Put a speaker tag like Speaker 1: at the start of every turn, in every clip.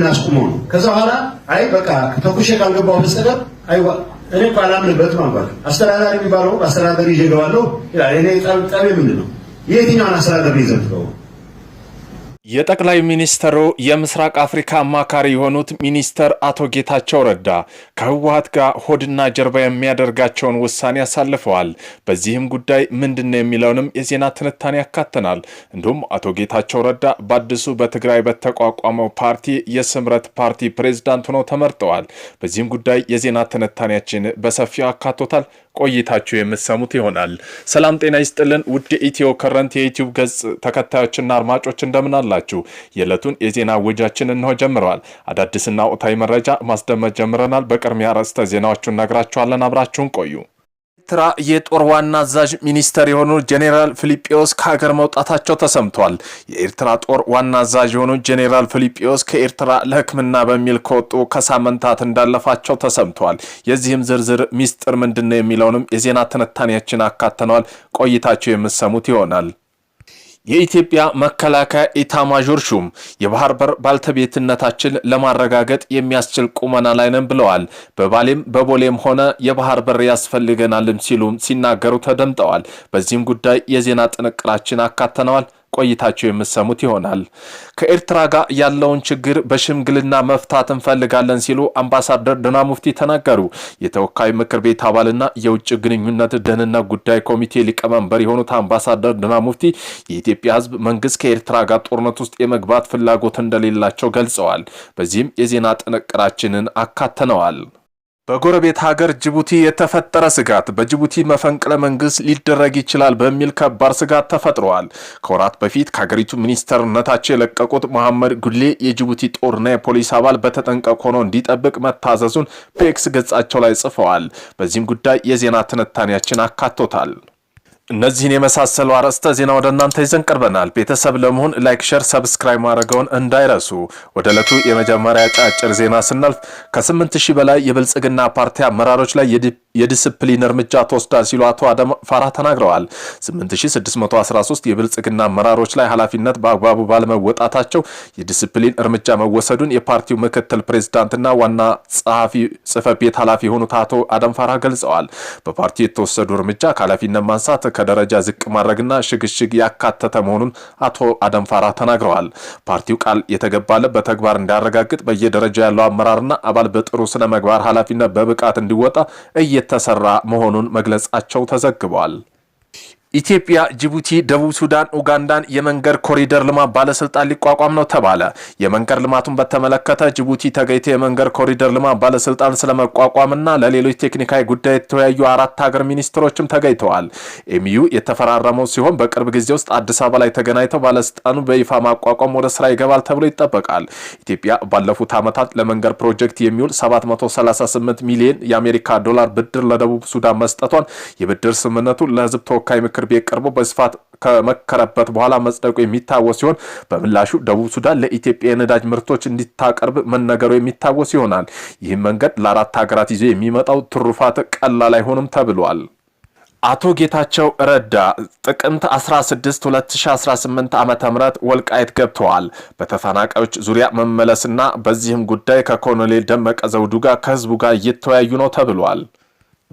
Speaker 1: ልናስቁመው ነው። ከዛ በኋላ አይ በቃ ተኩሼ ካልገባሁ በስተቀር እኔ እኮ አላምንበትም አልኳት። አስተዳዳሪ የሚባለው አስተዳዳሪ ይዤ እገባለሁ ይላል። እኔ ጠቤ ምንድን ነው? የትኛውን አስተዳዳሪ ይዘህ ትገባለህ?
Speaker 2: የጠቅላይ ሚኒስትሩ የምስራቅ አፍሪካ አማካሪ የሆኑት ሚኒስተር አቶ ጌታቸው ረዳ ከህወሀት ጋር ሆድና ጀርባ የሚያደርጋቸውን ውሳኔ አሳልፈዋል። በዚህም ጉዳይ ምንድን ነው የሚለውንም የዜና ትንታኔ ያካተናል። እንዲሁም አቶ ጌታቸው ረዳ በአዲሱ በትግራይ በተቋቋመው ፓርቲ የስምረት ፓርቲ ፕሬዝዳንት ሆነው ተመርጠዋል። በዚህም ጉዳይ የዜና ትንታኔያችን በሰፊው አካቶታል። ቆይታችሁ የምትሰሙት ይሆናል። ሰላም ጤና ይስጥልን ውድ ኢትዮ ከረንት የዩትዩብ ገጽ ተከታዮችና አድማጮች አላ ትችላላችሁ። የዕለቱን የዜና ውጃችን እንሆ ጀምረዋል። አዳዲስና ወቅታዊ መረጃ ማስደመጥ ጀምረናል። በቅድሚያ ርዕሰ ዜናዎቹን ነግራችኋለን። አብራችሁን ቆዩ። ኤርትራ የጦር ዋና አዛዥ ሚኒስተር የሆኑ ጄኔራል ፊሊጶስ ከሀገር መውጣታቸው ተሰምቷል። የኤርትራ ጦር ዋና አዛዥ የሆኑ ጄኔራል ፊሊጶስ ከኤርትራ ለሕክምና በሚል ከወጡ ከሳምንታት እንዳለፋቸው ተሰምቷል። የዚህም ዝርዝር ሚስጥር ምንድን ነው የሚለውንም የዜና ትንታኔያችን አካተነዋል። ቆይታቸው የምሰሙት ይሆናል። የኢትዮጵያ መከላከያ ኢታማዦር ሹም የባህር በር ባልተቤትነታችን ለማረጋገጥ የሚያስችል ቁመና ላይ ነን ብለዋል። በባሌም በቦሌም ሆነ የባህር በር ያስፈልገናልም ሲሉም ሲናገሩ ተደምጠዋል። በዚህም ጉዳይ የዜና ጥንቅራችን አካተነዋል። ቆይታቸው የምሰሙት ይሆናል። ከኤርትራ ጋር ያለውን ችግር በሽምግልና መፍታት እንፈልጋለን ሲሉ አምባሳደር ዲና ሙፍቲ ተናገሩ። የተወካይ ምክር ቤት አባልና የውጭ ግንኙነት ደህንነት ጉዳይ ኮሚቴ ሊቀመንበር የሆኑት አምባሳደር ድና ሙፍቲ የኢትዮጵያ ሕዝብ መንግስት ከኤርትራ ጋር ጦርነት ውስጥ የመግባት ፍላጎት እንደሌላቸው ገልጸዋል። በዚህም የዜና ጥንቅራችንን አካተነዋል። በጎረቤት ሀገር ጅቡቲ የተፈጠረ ስጋት በጅቡቲ መፈንቅለ መንግስት ሊደረግ ይችላል በሚል ከባድ ስጋት ተፈጥረዋል። ከወራት በፊት ከሀገሪቱ ሚኒስተርነታቸው የለቀቁት መሐመድ ጉሌ የጅቡቲ ጦርና የፖሊስ አባል በተጠንቀቅ ሆኖ እንዲጠብቅ መታዘዙን በኤክስ ገጻቸው ላይ ጽፈዋል። በዚህም ጉዳይ የዜና ትንታኔያችን አካቶታል። እነዚህን የመሳሰሉ አርዕስተ ዜና ወደ እናንተ ይዘን ቀርበናል። ቤተሰብ ለመሆን ላይክ፣ ሸር፣ ሰብስክራይብ ማድረገውን እንዳይረሱ። ወደ ዕለቱ የመጀመሪያ ጫጭር ዜና ስናልፍ ከ 8000 በላይ የብልጽግና ፓርቲ አመራሮች ላይ የዲፕ የዲስፕሊን እርምጃ ተወስዳ ሲሉ አቶ አደም ፋራ ተናግረዋል። 8613 የብልጽግና አመራሮች ላይ ኃላፊነት በአግባቡ ባለመወጣታቸው የዲስፕሊን እርምጃ መወሰዱን የፓርቲው ምክትል ፕሬዚዳንትና ዋና ጸሐፊ ጽህፈት ቤት ኃላፊ የሆኑት አቶ አደም ፋራ ገልጸዋል። በፓርቲው የተወሰዱ እርምጃ ከኃላፊነት ማንሳት፣ ከደረጃ ዝቅ ማድረግና ሽግሽግ ያካተተ መሆኑን አቶ አደም ፋራ ተናግረዋል። ፓርቲው ቃል የተገባለ በተግባር እንዲያረጋግጥ በየደረጃ ያለው አመራርና አባል በጥሩ ስነ ምግባር ኃላፊነት በብቃት እንዲወጣ እየ የተሰራ መሆኑን መግለጻቸው ተዘግቧል። ኢትዮጵያ፣ ጅቡቲ፣ ደቡብ ሱዳን፣ ኡጋንዳን የመንገድ ኮሪደር ልማት ባለስልጣን ሊቋቋም ነው ተባለ። የመንገድ ልማቱን በተመለከተ ጅቡቲ ተገኝቶ የመንገድ ኮሪደር ልማት ባለስልጣን ስለመቋቋምና ለሌሎች ቴክኒካዊ ጉዳይ የተወያዩ አራት ሀገር ሚኒስትሮችም ተገኝተዋል። ኤምዩ የተፈራረመው ሲሆን በቅርብ ጊዜ ውስጥ አዲስ አበባ ላይ ተገናኝተው ባለስልጣኑ በይፋ ማቋቋም ወደ ስራ ይገባል ተብሎ ይጠበቃል። ኢትዮጵያ ባለፉት ዓመታት ለመንገድ ፕሮጀክት የሚውል 738 ሚሊዮን የአሜሪካ ዶላር ብድር ለደቡብ ሱዳን መስጠቷን የብድር ስምምነቱ ለህዝብ ተወካይ ምክር ምክር ቤት ቀርቦ በስፋት ከመከረበት በኋላ መጽደቁ የሚታወስ ሲሆን በምላሹ ደቡብ ሱዳን ለኢትዮጵያ የነዳጅ ምርቶች እንዲታቀርብ መነገሩ የሚታወስ ይሆናል። ይህም መንገድ ለአራት ሀገራት ይዞ የሚመጣው ትሩፋት ቀላል አይሆንም ተብሏል። አቶ ጌታቸው ረዳ ጥቅምት 16 2018 ዓ ም ወልቃይት ገብተዋል። በተፈናቃዮች ዙሪያ መመለስና በዚህም ጉዳይ ከኮሎኔል ደመቀ ዘውዱ ጋር ከህዝቡ ጋር እየተወያዩ ነው ተብሏል።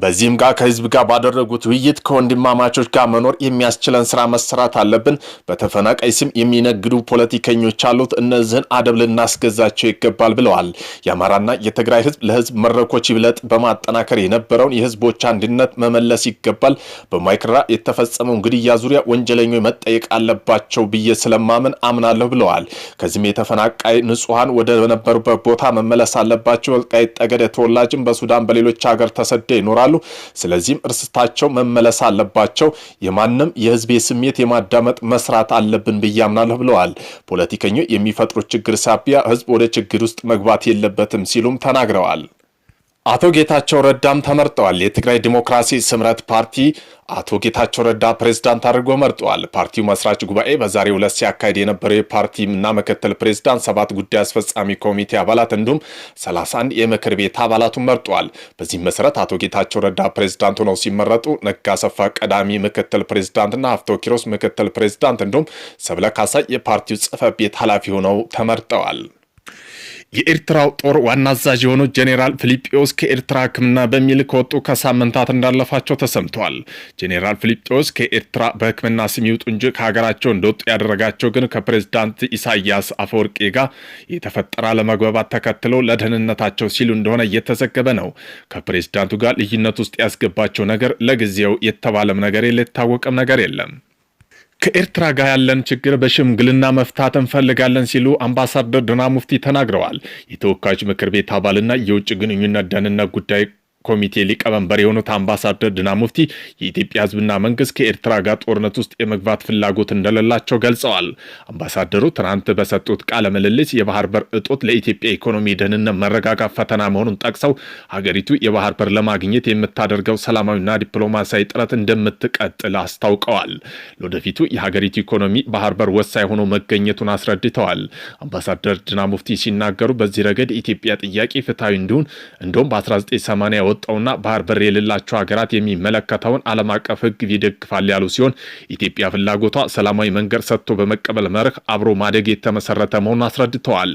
Speaker 2: በዚህም ጋር ከህዝብ ጋር ባደረጉት ውይይት ከወንድማማቾች ጋር መኖር የሚያስችለን ስራ መሰራት አለብን። በተፈናቃይ ስም የሚነግዱ ፖለቲከኞች አሉት። እነዚህን አደብ ልናስገዛቸው ይገባል ብለዋል። የአማራና የትግራይ ህዝብ ለህዝብ መድረኮች ይብለጥ በማጠናከር የነበረውን የህዝቦች አንድነት መመለስ ይገባል። በማይክራ የተፈጸመውን ግድያ ዙሪያ ወንጀለኞች መጠየቅ አለባቸው ብዬ ስለማምን አምናለሁ ብለዋል። ከዚህም የተፈናቃይ ንጹሐን ወደ ነበሩበት ቦታ መመለስ አለባቸው። ወልቃይት ጠገደ ተወላጅም በሱዳን በሌሎች ሀገር ተሰደ ይኖራል ይችላሉ። ስለዚህም እርስታቸው መመለስ አለባቸው። የማንም የህዝብ ስሜት የማዳመጥ መስራት አለብን ብዬ አምናለሁ ብለዋል። ፖለቲከኞች የሚፈጥሩት ችግር ሳቢያ ህዝብ ወደ ችግር ውስጥ መግባት የለበትም ሲሉም ተናግረዋል። አቶ ጌታቸው ረዳም ተመርጠዋል። የትግራይ ዲሞክራሲ ስምረት ፓርቲ አቶ ጌታቸው ረዳ ፕሬዝዳንት አድርጎ መርጠዋል። ፓርቲው መስራች ጉባኤ በዛሬው ዕለት ሲያካሄድ የነበረው የፓርቲ እና ምክትል ፕሬዝዳንት፣ ሰባት ጉዳይ አስፈጻሚ ኮሚቴ አባላት እንዲሁም 31 የምክር ቤት አባላቱን መርጠዋል። በዚህም መሰረት አቶ ጌታቸው ረዳ ፕሬዝዳንት ሆነው ሲመረጡ ነጋ ሰፋ ቀዳሚ ምክትል ፕሬዝዳንትና ሀፍቶ ኪሮስ ምክትል ፕሬዝዳንት እንዲሁም ሰብለ ካሳይ የፓርቲው ጽህፈት ቤት ኃላፊ ሆነው ተመርጠዋል። የኤርትራው ጦር ዋና አዛዥ የሆኑት ጄኔራል ፊልጶስ ከኤርትራ ሕክምና በሚል ከወጡ ከሳምንታት እንዳለፋቸው ተሰምተዋል። ጄኔራል ፊልጶስ ከኤርትራ በሕክምና ስም ይውጡ እንጂ ከሀገራቸው እንደወጡ ያደረጋቸው ግን ከፕሬዝዳንት ኢሳያስ አፈወርቂ ጋር የተፈጠረ አለመግባባት ተከትሎ ለደህንነታቸው ሲሉ እንደሆነ እየተዘገበ ነው። ከፕሬዝዳንቱ ጋር ልዩነት ውስጥ ያስገባቸው ነገር ለጊዜው የተባለም ነገር የለ የታወቀም ነገር የለም። ከኤርትራ ጋር ያለን ችግር በሽምግልና መፍታት እንፈልጋለን ሲሉ አምባሳደር ድና ሙፍቲ ተናግረዋል። የተወካዮች ምክር ቤት አባልና የውጭ ግንኙነት ደህንነት ጉዳይ ኮሚቴ ሊቀመንበር የሆኑት አምባሳደር ድና ሙፍቲ የኢትዮጵያ ህዝብና መንግስት ከኤርትራ ጋር ጦርነት ውስጥ የመግባት ፍላጎት እንደሌላቸው ገልጸዋል። አምባሳደሩ ትናንት በሰጡት ቃለ ምልልስ የባህር በር እጦት ለኢትዮጵያ ኢኮኖሚ ደህንነት መረጋጋት ፈተና መሆኑን ጠቅሰው ሀገሪቱ የባህር በር ለማግኘት የምታደርገው ሰላማዊና ዲፕሎማሲያዊ ጥረት እንደምትቀጥል አስታውቀዋል። ለወደፊቱ የሀገሪቱ ኢኮኖሚ ባህር በር ወሳኝ ሆኖ መገኘቱን አስረድተዋል። አምባሳደር ድና ሙፍቲ ሲናገሩ በዚህ ረገድ የኢትዮጵያ ጥያቄ ፍትሐዊ እንዲሁን እንዲሁም በ1980 የወጣውና ባህር በር የሌላቸው ሀገራት የሚመለከተውን ዓለም አቀፍ ሕግ ይደግፋል ያሉ ሲሆን ኢትዮጵያ ፍላጎቷ ሰላማዊ መንገድ ሰጥቶ በመቀበል መርህ አብሮ ማደግ የተመሰረተ መሆኑን አስረድተዋል።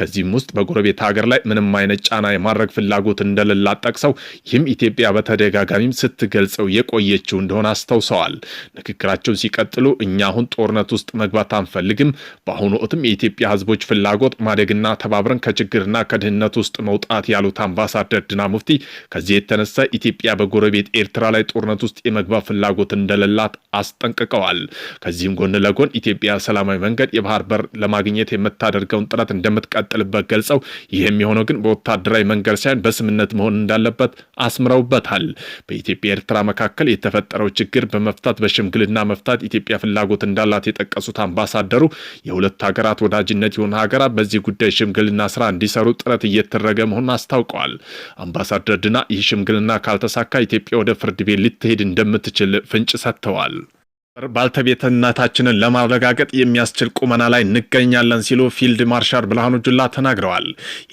Speaker 2: ከዚህም ውስጥ በጎረቤት ሀገር ላይ ምንም አይነት ጫና የማድረግ ፍላጎት እንደሌላት ጠቅሰው ይህም ኢትዮጵያ በተደጋጋሚም ስትገልጸው የቆየችው እንደሆነ አስታውሰዋል። ንግግራቸውን ሲቀጥሉ እኛ አሁን ጦርነት ውስጥ መግባት አንፈልግም። በአሁኑ ወቅትም የኢትዮጵያ ህዝቦች ፍላጎት ማደግና ተባብረን ከችግርና ከድህነት ውስጥ መውጣት ያሉት አምባሳደር ዲና ሙፍቲ ከዚህ የተነሳ ኢትዮጵያ በጎረቤት ኤርትራ ላይ ጦርነት ውስጥ የመግባት ፍላጎት እንደሌላት አስጠንቅቀዋል። ከዚህም ጎን ለጎን ኢትዮጵያ ሰላማዊ መንገድ የባህር በር ለማግኘት የምታደርገውን ጥረት እንደምትቀጥልበት ገልጸው ይህ የሚሆነው ግን በወታደራዊ መንገድ ሳይሆን በስምነት መሆን እንዳለበት አስምረውበታል። በኢትዮጵያ ኤርትራ መካከል የተፈጠረው ችግር በመፍታት በሽምግልና መፍታት ኢትዮጵያ ፍላጎት እንዳላት የጠቀሱት አምባሳደሩ የሁለት ሀገራት ወዳጅነት የሆነ ሀገራት በዚህ ጉዳይ ሽምግልና ስራ እንዲሰሩ ጥረት እየተደረገ መሆኑን አስታውቀዋል። አምባሳደር ድና ይህ ሽምግልና ካልተሳካ ኢትዮጵያ ወደ ፍርድ ቤት ልትሄድ እንደምትችል ፍንጭ ሰጥተዋል። ባልተቤትነታችንን ለማረጋገጥ የሚያስችል ቁመና ላይ እንገኛለን ሲሉ ፊልድ ማርሻል ብርሃኑ ጁላ ተናግረዋል።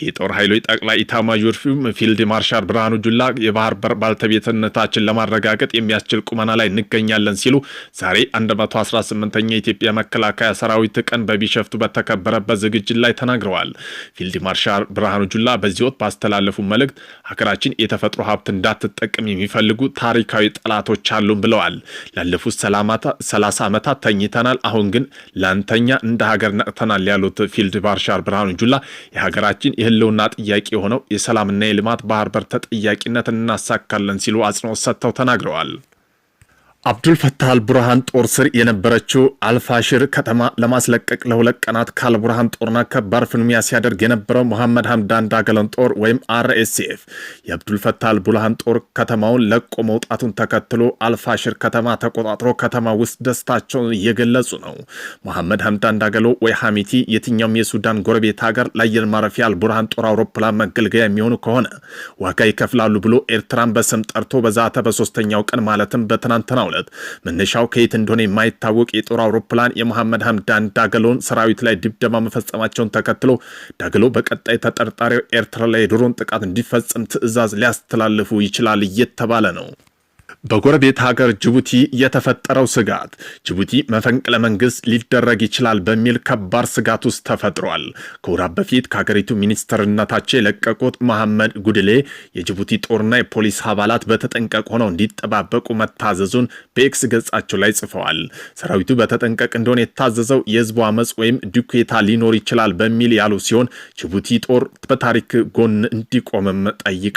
Speaker 2: የጦር ኃይሎች ጠቅላይ ኢታማዦር ሹም ፊልድ ማርሻል ብርሃኑ ጁላ የባህር በር ባልተቤትነታችን ለማረጋገጥ የሚያስችል ቁመና ላይ እንገኛለን ሲሉ ዛሬ 118ኛ የኢትዮጵያ መከላከያ ሰራዊት ቀን በቢሸፍቱ በተከበረበት ዝግጅት ላይ ተናግረዋል። ፊልድ ማርሻል ብርሃኑ ጁላ በዚህ ወቅት ባስተላለፉ መልእክት ሀገራችን የተፈጥሮ ሀብት እንዳትጠቀም የሚፈልጉ ታሪካዊ ጠላቶች አሉን ብለዋል። ላለፉት ሰላማት ሰላሳ ዓመታት ተኝተናል፣ አሁን ግን ላንተኛ እንደ ሀገር ነቅተናል ያሉት ፊልድ ማርሻል ብርሃኑ ጁላ የሀገራችን የህልውና ጥያቄ የሆነው የሰላምና የልማት ባህር በር ተጠያቂነት እናሳካለን ሲሉ አጽንኦት ሰጥተው ተናግረዋል። አብዱልፈታህ አልቡርሃን ጦር ስር የነበረችው አልፋሽር ከተማ ለማስለቀቅ ለሁለት ቀናት ከአልቡርሃን ጦርና ከባድ ፍልሚያ ሲያደርግ የነበረው መሐመድ ሀምዳን ዳገለን ጦር ወይም አርኤስኤፍ የአብዱልፈታህ አልቡርሃን ጦር ከተማውን ለቆ መውጣቱን ተከትሎ አልፋሽር ከተማ ተቆጣጥሮ ከተማ ውስጥ ደስታቸውን እየገለጹ ነው። መሐመድ ሀምዳን ዳገሎ ወይ ሐሚቲ የትኛውም የሱዳን ጎረቤት ሀገር ለአየር ማረፊያ አልቡርሃን ጦር አውሮፕላን መገልገያ የሚሆኑ ከሆነ ዋጋ ይከፍላሉ ብሎ ኤርትራን በስም ጠርቶ በዛተ በሶስተኛው ቀን ማለትም በትናንትናው መነሻው ከየት እንደሆነ የማይታወቅ የጦር አውሮፕላን የመሐመድ ሀምዳን ዳገሎን ሰራዊት ላይ ድብደባ መፈጸማቸውን ተከትሎ ዳገሎ በቀጣይ ተጠርጣሪው ኤርትራ ላይ የድሮን ጥቃት እንዲፈጽም ትዕዛዝ ሊያስተላልፉ ይችላል እየተባለ ነው። በጎረቤት ሀገር ጅቡቲ የተፈጠረው ስጋት ጅቡቲ መፈንቅለ መንግስት ሊደረግ ይችላል በሚል ከባድ ስጋት ውስጥ ተፈጥሯል። ከወራት በፊት ከሀገሪቱ ሚኒስትርነታቸው የለቀቁት መሐመድ ጉድሌ የጅቡቲ ጦርና የፖሊስ አባላት በተጠንቀቅ ሆነው እንዲጠባበቁ መታዘዙን በኤክስ ገጻቸው ላይ ጽፈዋል። ሰራዊቱ በተጠንቀቅ እንደሆነ የታዘዘው የህዝቡ አመፅ ወይም ዱኬታ ሊኖር ይችላል በሚል ያሉ ሲሆን ጅቡቲ ጦር በታሪክ ጎን እንዲቆምም ጠይቀው